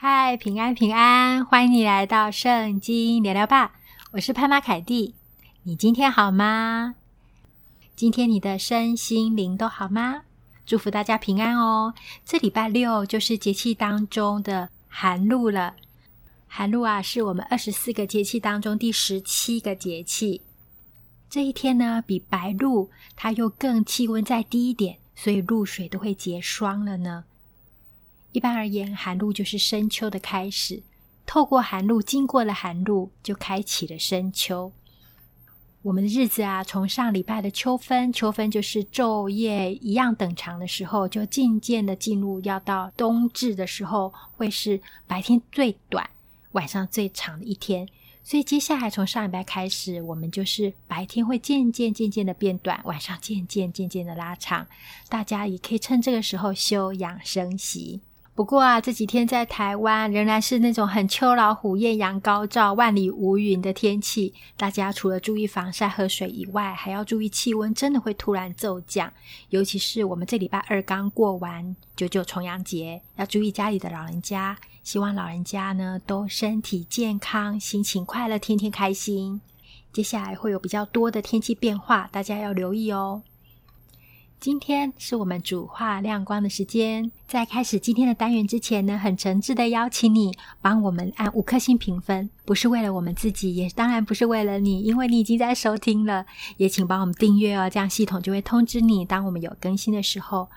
嗨，Hi, 平安平安，歡迎你來到聖經聊聊吧。我是潘媽凱蒂，你今天好嗎？今天你的身心靈都好嗎？祝福大家平安哦。這禮拜六就是節氣當中的寒露了。寒露啊，是我們二十四個節氣當中第十七個節氣。這一天呢，比白露它又更氣溫再低一點，所以露水都會結霜了呢。一般而言，寒露就是深秋的開始。透過寒露，經過了寒露，就開啟了深秋。我們的日子啊，從上禮拜的秋分，秋分就是晝夜一樣等長的時候，就漸漸的進入要到冬至的時候，會是白天最短、晚上最長的一天。所以接下來從上禮拜開始，我們就是白天會漸漸漸漸的變短，晚上漸漸漸漸的拉長。大家也可以趁這個時候休養生息。不過啊，這幾天在台灣仍然是那種很秋老虎、艷陽高照、萬里無雲的天氣。大家除了注意防曬、喝水以外，還要注意氣溫真的會突然驟降。尤其是我們這禮拜二剛過完九九重陽節，要注意家裡的老人家。希望老人家呢都身體健康、心情快樂、天天開心。接下來會有比較多的天氣變化，大家要留意哦。今天是我們主話亮光的時間，在開始今天的單元之前呢，很誠摯的邀請你幫我們按五顆星評分，不是為了我們自己，也當然不是為了你，因為你已經在收聽了，也請幫我們訂閱哦，這樣系統就會通知你，當我們有更新的時候，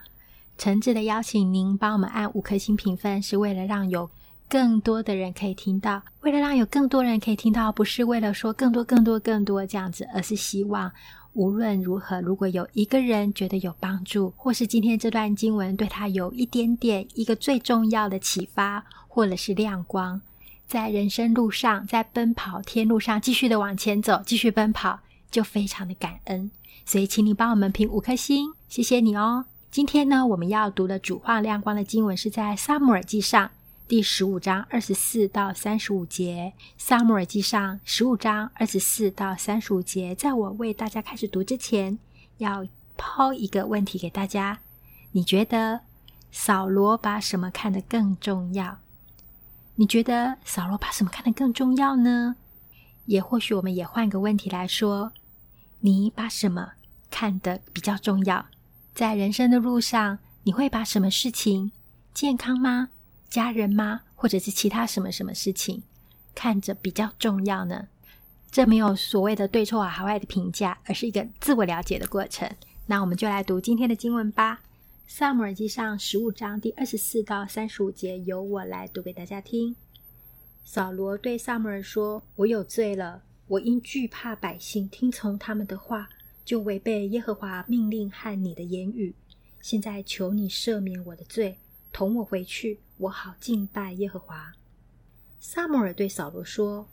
誠摯的邀請您幫我們按五顆星評分，是為了讓有更多的人可以聽到，為了讓有更多人可以聽到，不是為了說更多、更多、更多這樣子，而是希望。無論如何，如果有一個人覺得有幫助，或是今天這段經文對他有一點點一個最重要的啟發，或者是亮光，在人生路上，在奔跑天路上繼續的往前走，繼續奔跑，就非常的感恩。所以，請你幫我們評五顆星，謝謝你哦。今天呢，我們要讀的主話亮光的經文是在撒母耳記上，第十五章二十四到三十五節。撒母耳記上。十五章二十四到三十五節，在我為大家開始讀之前，要拋一個問題給大家：你覺得掃羅把什麼看得更重要？你覺得掃羅把什麼看得更重要呢？也或許，我們也換個問題來說：你把什麼看得比較重要？在人生的路上，你會把什麼事情健康嗎？家人嗎？或者是其他什麼什麼事情，看着比較重要呢？這沒有所謂的對錯啊，好壞的評價，而是一個自我了解的過程。那我們就來讀今天的經文吧。撒母耳記上十五章第二十四到三十五節，由我來讀給大家聽。掃羅對撒母耳說：“我有罪了，我因懼怕百姓，聽從他們的話，就違背耶和華命令和你的言語。現在求你赦免我的罪，同我回去。”我好敬拜耶和華。撒母耳對掃羅說：“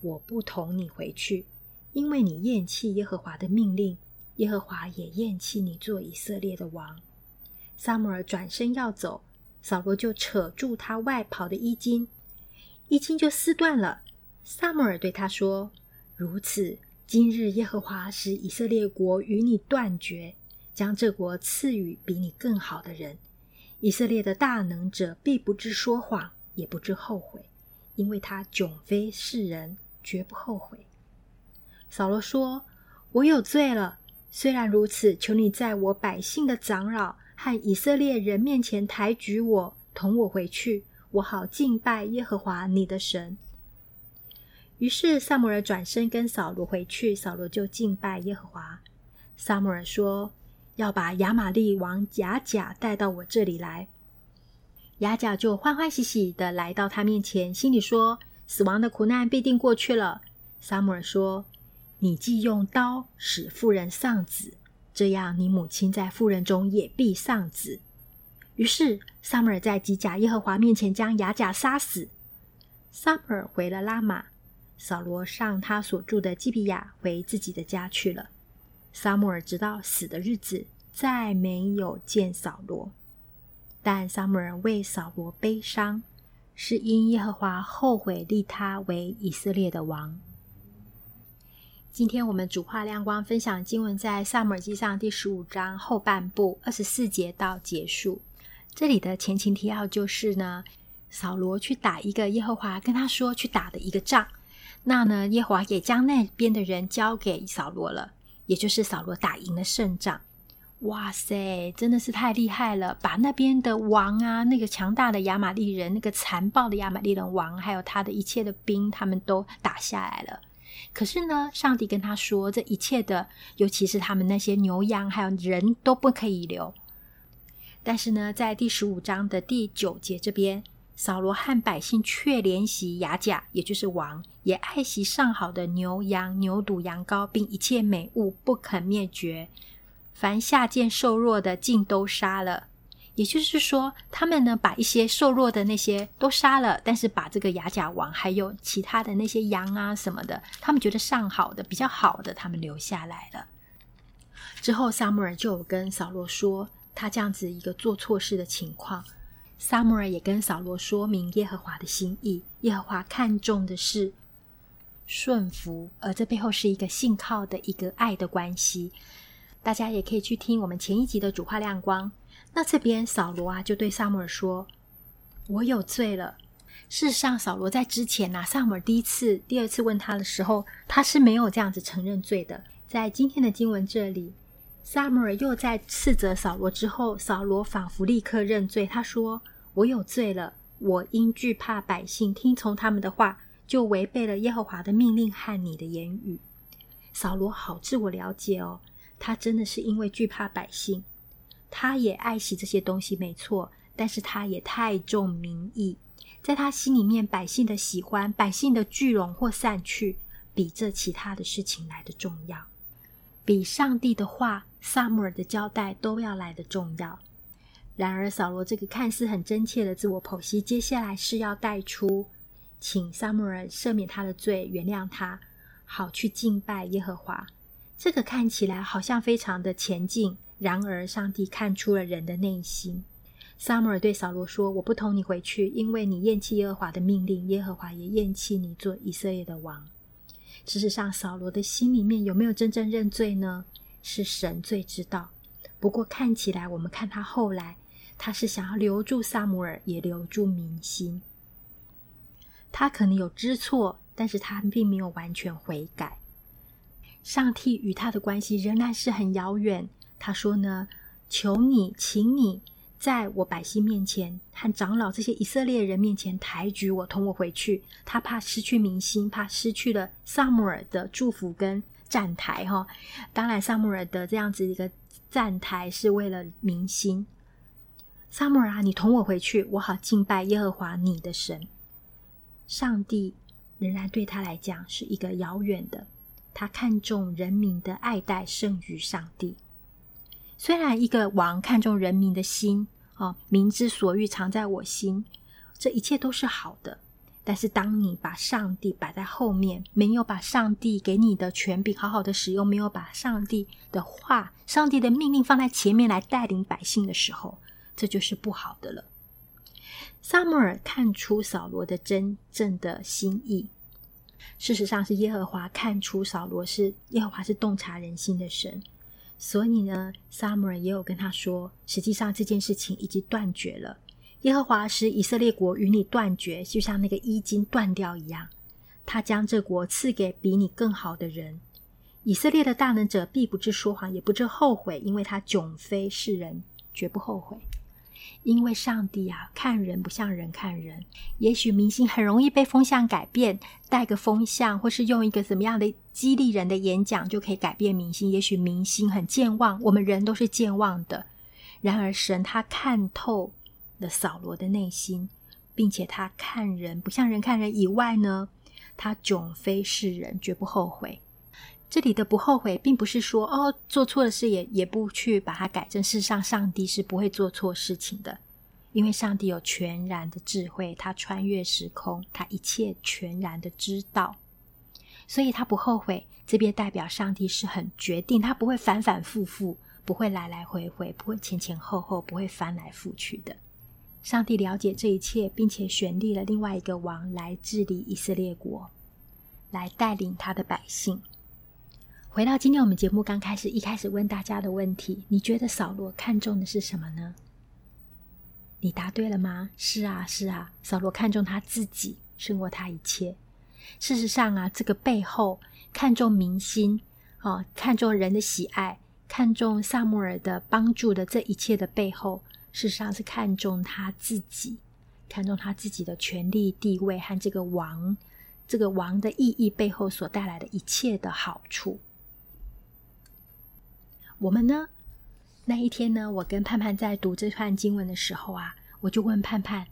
我不同你回去，因為你厭棄耶和華的命令，耶和華也厭棄你做以色列的王。”撒母耳轉身要走，掃羅就扯住他外袍的衣襟，衣襟就撕斷了。撒母耳對他說：“如此，今日耶和華使以色列國與你斷絕，將這國賜予比你更好的人。”以色列的大能者必不知說謊，也不知後悔，因為他迥非世人，絕不後悔。掃羅說：“我有罪了。雖然如此，求你在我百姓的長老和以色列人面前抬舉我，同我回去，我好敬拜耶和華你的神。”於是撒母耳轉身跟掃羅回去，掃羅就敬拜耶和華。撒母耳說。要把亞瑪利王亞甲帶到我這裡來，亞甲就歡歡喜喜的來到他面前，心裡說：“死亡的苦難必定過去了。”撒母耳說：“你既用刀使婦人喪子，這樣你母親在婦人中也必喪子。”於是撒母耳在吉甲耶和華面前將亞甲殺死。撒母耳回了拉瑪，掃羅上他所住的基比亞回自己的家去了。撒母耳直到死的日子，再沒有見掃羅。但撒母耳為掃羅悲傷，是因耶和華後悔立他為以色列的王。今天我們主話亮光分享經文在《撒母耳記上》第十五章後半部二十四節到結束。這裡的前情提要就是呢，掃羅去打一個耶和華跟他說去打的一個仗，那呢耶和華也將那邊的人交給掃羅了。也就是掃羅打贏了勝仗，哇塞，真的是太厲害了！把那邊的王啊，那個強大的亞瑪力人，那個殘暴的亞瑪力人王，還有他的一切的兵，他們都打下來了。可是呢，上帝跟他說，這一切的，尤其是他們那些牛羊，還有人都不可以留。但是呢，在第十五章的第九節這邊。掃羅和百姓卻憐惜亞甲，也就是王，也愛惜上好的牛羊、牛犢、羊羔，並一切美物，不肯滅絕。凡下賤瘦弱的，盡都殺了。也就是說，他們呢把一些瘦弱的那些都殺了，但是把這個亞甲王還有其他的那些羊啊什麼的，他們覺得上好的、比較好的，他們留下來了。之後，撒母耳就有跟掃羅說，他這樣子一個做錯事的情況。撒母耳也跟掃羅說明耶和華的心意，耶和華看重的是順服，而這背後是一個信靠的一個愛的關係。大家也可以去聽我們前一集的主話亮光。那這邊掃羅啊，就對撒母耳說：“我有罪了。”事實上，掃羅在之前吶、啊，撒母耳第一次、第二次問他的時候，他是沒有這樣子承認罪的。在今天的經文這裡，撒母耳又在斥責掃羅之後，掃羅仿佛立刻認罪，他說。我有罪了，我因懼怕百姓，聽從他們的話，就違背了耶和華的命令和你的言語。掃羅，好，自我了解哦，他真的是因為懼怕百姓，他也愛惜這些東西，沒錯，但是他也太重民意，在他心裡面，百姓的喜歡，百姓的聚攏或散去，比這其他的事情來得重要，比上帝的話、撒母耳的交代都要來得重要。然而，掃羅這個看似很真切的自我剖析，接下來是要帶出，請撒母耳赦免他的罪，原諒他，好去敬拜耶和華。這個看起來好像非常的前進。然而，上帝看出了人的內心。撒母耳對掃羅說：“我不同你回去，因為你厭棄耶和華的命令，耶和華也厭棄你做以色列的王。”事實上，掃羅的心裡面有沒有真正認罪呢？是神最知道。不過，看起來我們看他後來。他是想要留住撒母耳，也留住民心。他可能有知錯，但是他並沒有完全悔改。上帝與他的關係仍然是很遙遠。他說呢：“求你，請你在我百姓面前和長老這些以色列人面前抬舉我，同我回去。”他怕失去民心，怕失去了撒母耳的祝福跟站台。哈，當然撒母耳的這樣子一個站台是為了民心。撒母耳，你同我回去，我好敬拜耶和華你的神。上帝仍然對他來講是一個遙遠的，他看重人民的愛戴勝於上帝。雖然一個王看重人民的心，啊，民之所欲，藏在我心，這一切都是好的。但是，當你把上帝擺在後面，沒有把上帝給你的權柄好好的使用，沒有把上帝的話、上帝的命令放在前面來帶領百姓的時候，這就是不好的了。撒母耳看出掃羅的真正的心意，事實上是耶和華看出掃羅是耶和華是洞察人心的神。所以呢，撒母耳也有跟他說，實際上這件事情已經斷絕了。耶和華使以色列國與你斷絕，就像那個衣襟斷掉一樣。他將這國賜給比你更好的人。以色列的大能者必不至說謊，也不至後悔，因為他迥非世人，絕不後悔。因為上帝啊，看人不像人看人。也許明星很容易被風向改變，帶個風向，或是用一個怎麼樣的激勵人的演講就可以改變明星。也許明星很健忘，我們人都是健忘的。然而，神他看透了掃羅的內心，並且他看人不像人看人以外呢，他迥非世人，絕不後悔。這裡的不後悔，並不是說，哦，做錯了事也也不去把它改正。事實上，上帝是不會做錯事情的，因為上帝有全然的智慧，他穿越時空，他一切全然的知道，所以他不後悔。這邊代表上帝是很決定，他不會反反复复，不會來來回回，不會前前後後，不會翻來覆去的。上帝了解這一切，並且選立了另外一個王來治理以色列國，來帶領他的百姓。回到今天我們節目剛開始，一開始問大家的問題：你覺得掃羅看重的是什麼呢？你答對了嗎？是啊，是啊，掃羅看重他自己，勝過他一切。事實上啊，這個背後看重民心哦，看重人的喜愛，看重撒母耳的幫助的這一切的背後，事實上是看重他自己，看重他自己的權力、地位和這個王，這個王的意義背後所帶來的一切的好處。我們呢？那一天呢？我跟盼盼在讀這段經文的時候啊，我就問盼盼：“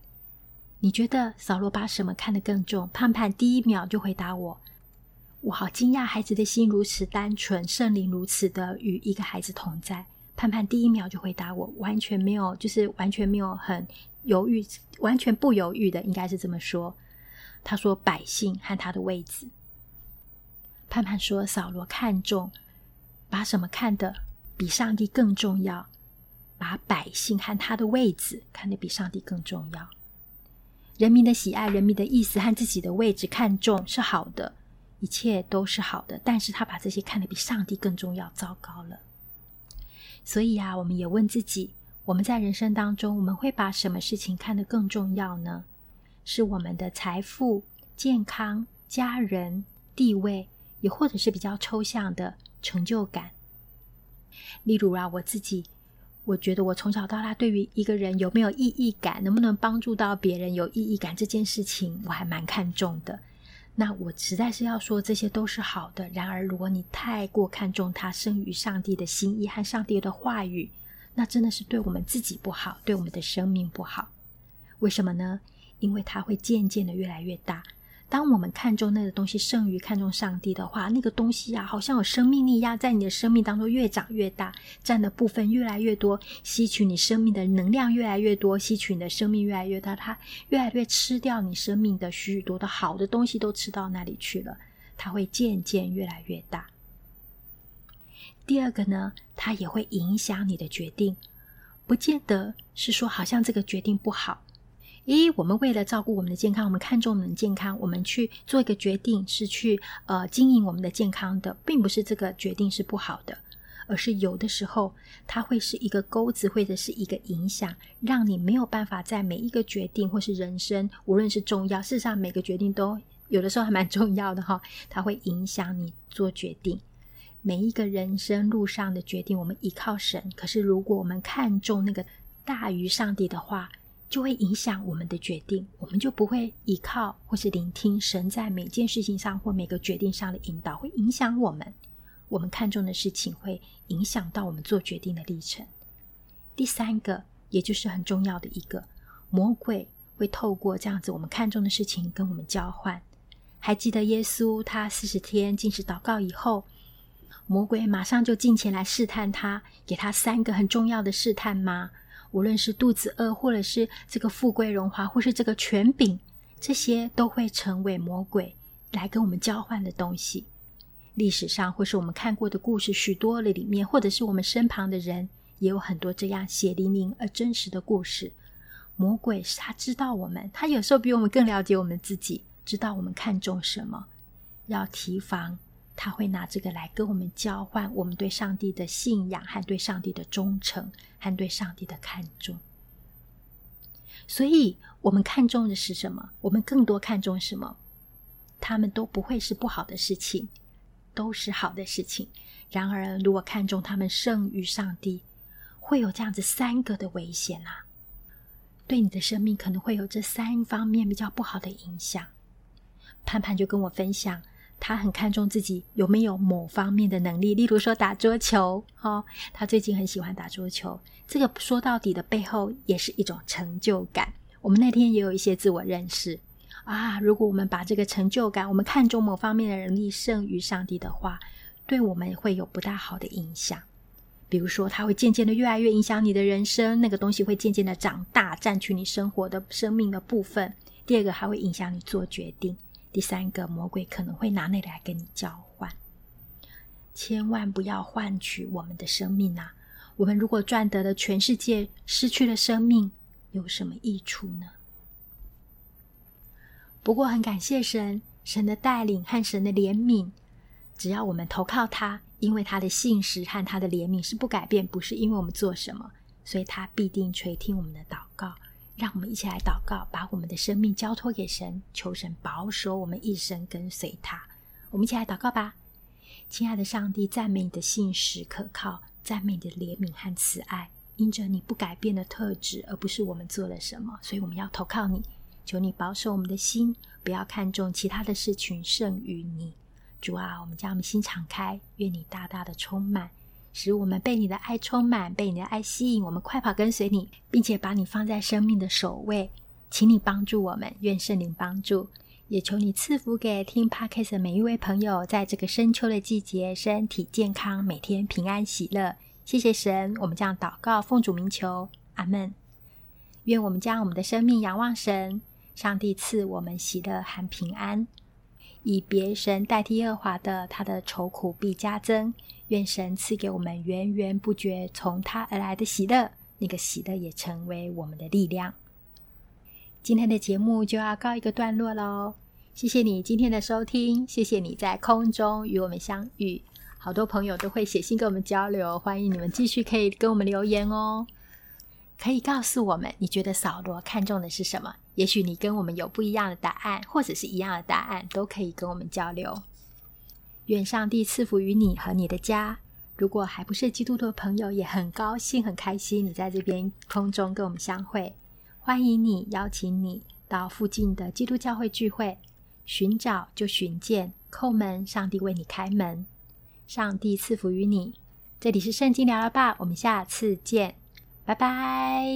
你覺得掃羅把什麼看得更重？”盼盼第一秒就回答我：“我好驚訝，孩子的心如此單純，聖靈如此的與一個孩子同在。”盼盼第一秒就回答我，完全沒有，就是完全沒有很猶豫，完全不猶豫的，應該是這麼說。他說：“百姓和他的位置。”盼盼說：“掃羅看重，把什麼看得？”比上帝更重要，把百姓和他的位置看得比上帝更重要。人民的喜愛、人民的意思和自己的位置看重是好的，一切都是好的。但是他把這些看得比上帝更重要，糟糕了。所以啊，我們也問自己：我們在人生當中，我們會把什麼事情看得更重要呢？是我們的財富、健康、家人、地位，也或者是比較抽象的成就感。例如啊，我自己，我覺得我從小到大，對於一個人有沒有意義感，能不能幫助到別人有意義感這件事情，我還蠻看重的。那我實在是要說，這些都是好的。然而，如果你太過看重他勝於上帝的心意和上帝的話語，那真的是對我們自己不好，對我們的生命不好。為什麼呢？因為它會漸漸的越來越大。當我們看重那個東西，勝於看重上帝的話，那個東西啊，好像有生命力一樣，在你的生命當中越長越大，佔的部分越來越多，吸取你生命的能量越來越多，吸取你的生命越來越大，它越來越吃掉你生命的許許多多好的東西都吃到那裡去了，它會漸漸越來越大。第二個呢，它也會影響你的決定，不見得是說好像這個決定不好。第一，我們為了照顧我們的健康，我們看重我們的健康，我們去做一個決定，是去呃經營我們的健康的，並不是這個決定是不好的，而是有的時候它會是一個鈎子，或者是一個影響，讓你沒有辦法在每一個決定或是人生，無論是重要，事實上每個決定都有的時候還蠻重要的哈，它會影響你做決定。每一個人生路上的決定，我們倚靠神，可是如果我們看重那個大於上帝的話。就會影響我們的決定，我們就不會依靠，或是聆聽神在每件事情上或每個決定上的引導，會影響我們。我們看重的事情，會影響到我們做決定的歷程。第三個，也就是很重要的一個，魔鬼會透過這樣子我們看重的事情跟我們交換。還記得耶穌他四十天禁食禱告以後，魔鬼馬上就進前來試探他，給他三個很重要的試探嗎？無論是肚子餓，或者是這個富貴榮華，或是這個權柄，這些都會成為魔鬼來跟我們交換的東西。歷史上或是我們看過的故事，許多裡面，或者是我們身旁的人，也有很多這樣血淋淋而真實的故事。魔鬼是他知道我們，他有時候比我們更了解我們自己，知道我們看重什麼，要提防。他會拿這個來跟我們交換，我們對上帝的信仰和對上帝的忠誠，和對上帝的看重。所以，我們看重的是什麼？我們更多看重什麼？他們都不會是不好的事情，都是好的事情。然而，如果看重他們勝於上帝，會有這樣子三個的危險啊！對你的生命可能會有這三方面比較不好的影響。盼盼就跟我分享。他很看重自己有沒有某方面的能力，例如說打桌球，哦，他最近很喜歡打桌球。這個說到底的背後也是一種成就感。我們那天也有一些自我認識啊，如果我們把這個成就感，我們看重某方面的能力勝於上帝的話，對我們會有不大好的影響。比如說，他會漸漸的越來越影響你的人生，那個東西會漸漸的長大，佔據你生活的，生命的部分。第二個還會影響你做決定。第三個，魔鬼可能會拿那個來跟你交換，千萬不要換取我們的生命吶、啊！我們如果賺得了全世界，失去了生命，有什麼益處呢？不過很感謝神，神的帶領和神的憐憫，只要我們投靠他，因為他的信實和他的憐憫是不改變，不是因為我們做什麼，所以他必定垂聽我們的禱告。讓我們一起來禱告，把我們的生命交託給神，求神保守我們一生跟隨他。我們一起來禱告吧，親愛的上帝，讚美你的信實可靠，讚美你的憐憫和慈愛，因着你不改變的特質，而不是我們做了什麼。所以我們要投靠你，求你保守我們的心，不要看重其他的事情勝於你。主啊，我們將我們心敞開，願你大大的充滿。使我們被你的愛充滿，被你的愛吸引，我們快跑跟隨你，並且把你放在生命的首位。請你幫助我們，願聖靈幫助，也求你賜福給聽 Podcast 的每一位朋友。在這個深秋的季節，身體健康，每天平安喜樂。謝謝神，我們將禱告奉主名求，阿門。願我們將我們的生命仰望神，上帝賜我們喜樂和平安。以別神代替耶和華的，他的愁苦必加增。願神賜給我們源源不絕從他而來的喜樂，那個喜樂也成為我們的力量。今天的節目就要告一個段落嘍，謝謝你今天的收聽，謝謝你在空中與我們相遇。好多朋友都會寫信跟我們交流，歡迎你們繼續可以跟我們留言哦，可以告訴我們你覺得掃羅看重的是什麼？也許你跟我們有不一樣的答案，或者是一樣的答案，都可以跟我們交流。願上帝賜福於你和你的家。如果還不是基督徒的朋友，也很高興、很開心你在這邊空中跟我們相會。歡迎你，邀請你到附近的基督教會聚會。尋找就尋見，叩門，上帝為你開門。上帝賜福於你。這裡是聖經聊聊吧，我們下次見，拜拜。